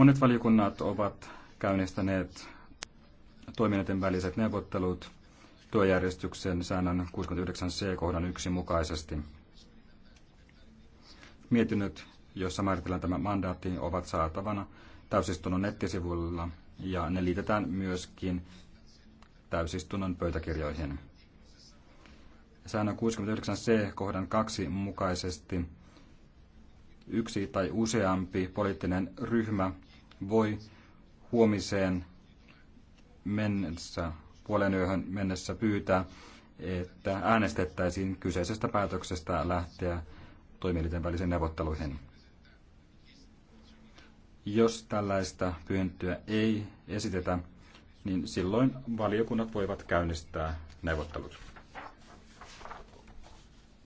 Monet valiokunnat ovat käynnistäneet toiminnan väliset neuvottelut työjärjestyksen säännön 69c kohdan yksi mukaisesti. Mietinnöt, joissa määritellään tämä mandaatti, ovat saatavana täysistunnon nettisivuilla ja ne liitetään myöskin täysistunnon pöytäkirjoihin. Säännön 69c kohdan kaksi mukaisesti yksi tai useampi poliittinen ryhmä voi huomiseen mennessä, puolen yöhön mennessä pyytää, että äänestettäisiin kyseisestä päätöksestä lähteä toimielinten välisiin neuvotteluihin. Jos tällaista pyyntöä ei esitetä, niin silloin valiokunnat voivat käynnistää neuvottelut.